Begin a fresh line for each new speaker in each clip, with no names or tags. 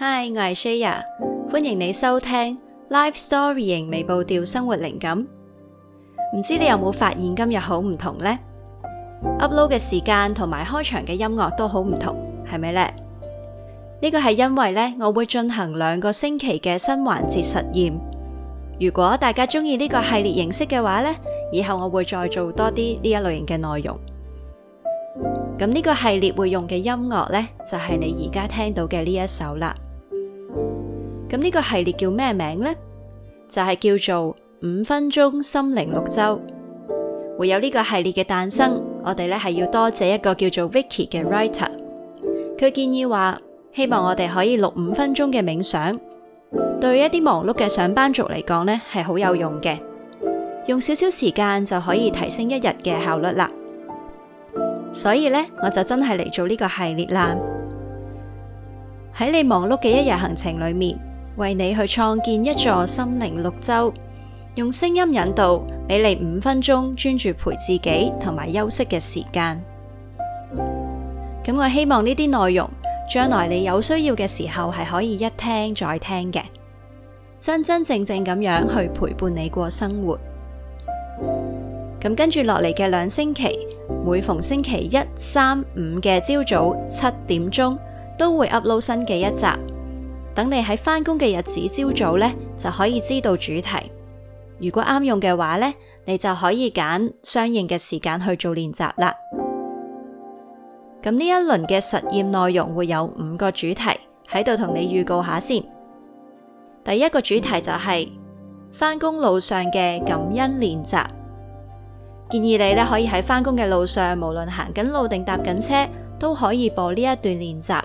Hi，我係 Shia 歡迎你收聽 Life Storying 微步調生活靈感。唔知你有冇發現今日好唔同呢？Upload 嘅時間同埋開場嘅音樂都好唔同，係咪咧？呢個係因為咧我會進行兩個星期嘅新環節實驗。如果大家中意呢個系列形式嘅話咧，以後我會再做多啲呢一類型嘅內容。咁呢個系列會用嘅音樂咧，就係你而家聽到嘅呢一首啦。咁呢個系列叫咩名呢？就係、是、叫做五分鐘心靈綠洲。會有呢個系列嘅誕生，我哋呢係要多謝一個叫做 Vicky 嘅 writer。佢建議話，希望我哋可以錄五分鐘嘅冥想，對一啲忙碌嘅上班族嚟講呢係好有用嘅，用少少時間就可以提升一日嘅效率啦。所以呢，我就真係嚟做呢個系列啦。喺你忙碌嘅一日行程裏面，為你去創建一座心靈綠洲，用聲音引導俾你五分鐘專注陪自己同埋休息嘅時間。咁我希望呢啲內容，將來你有需要嘅時候係可以一聽再聽嘅，真真正正咁樣去陪伴你過生活。咁跟住落嚟嘅兩星期，每逢星期一、三、五嘅朝早七點鐘。都會 upload 新嘅一集，等你喺返工嘅日子朝早呢，就可以知道主題。如果啱用嘅話呢，你就可以揀相應嘅時間去做練習啦。咁呢一輪嘅實驗內容會有五個主題喺度同你預告下先。第一個主題就係返工路上嘅感恩練習，建議你呢，可以喺返工嘅路上，無論行緊路定搭緊車，都可以播呢一段練習。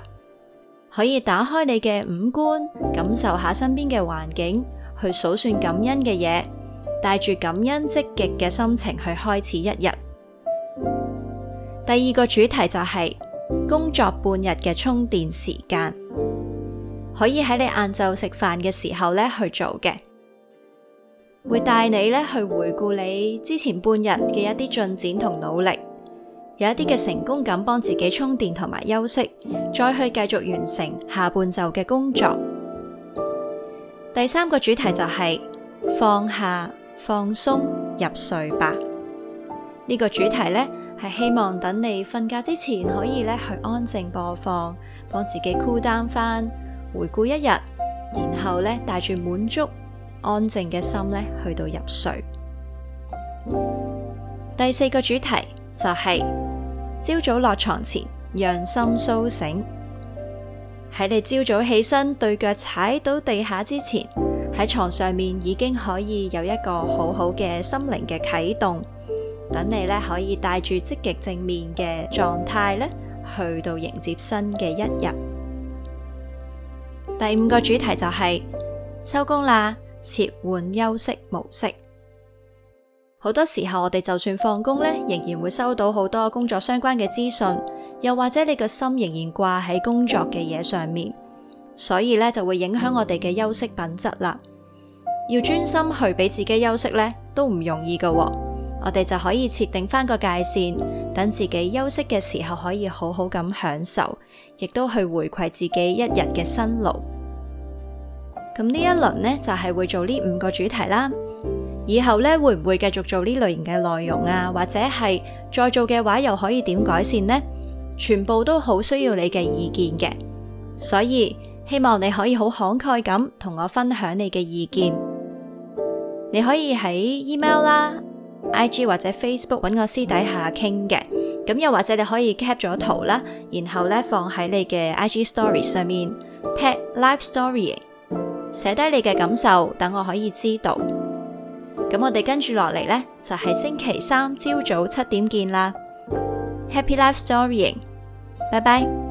可以打開你嘅五官，感受下身邊嘅環境，去數算感恩嘅嘢，帶住感恩積極嘅心情去開始一日。第二個主題就係工作半日嘅充電時間，可以喺你晏晝食飯嘅時候咧去做嘅，會帶你咧去回顧你之前半日嘅一啲進展同努力。有一啲嘅成功感幫自己充電同埋休息，再去繼續完成下半晝嘅工作。第三個主題就係放下、放鬆、入睡吧。呢個主題呢，係希望等你瞓覺之前可以呢去安靜播放，幫自己 cool down 返，回顧一日，然後呢，帶住滿足安靜嘅心呢去到入睡。第四個主題就係。朝早落床前，讓心蘇醒。喺你朝早起身，對腳踩到地下之前，喺床上面已經可以有一個好好嘅心靈嘅啟動。等你呢可以帶住積極正面嘅狀態呢，去到迎接新嘅一日。第五個主題就係收工啦，切換休息模式。好多時候我哋就算放工咧，仍然會收到好多工作相關嘅資訊，又或者你個心仍然掛喺工作嘅嘢上面，所以咧就會影響我哋嘅休息品質啦。要專心去俾自己休息咧，都唔容易噶喎。我哋就可以設定翻個界線，等自己休息嘅時候可以好好咁享受，亦都去回饋自己一日嘅辛勞。咁呢一輪呢，就係會做呢五個主題啦。以後呢會唔會繼續做呢類型嘅內容啊？或者係再做嘅話，又可以點改善呢？全部都好需要你嘅意見嘅，所以希望你可以好慷慨咁同我分享你嘅意見。你可以喺 email 啦、IG 或者 Facebook 搵我私底下傾嘅。咁又或者你可以 cap 咗圖啦，然後呢放喺你嘅 IG Story 上面，tag life story，寫低你嘅感受，等我可以知道。咁我哋跟住落嚟呢就係星期三朝早七點見啦！Happy life storying，拜拜。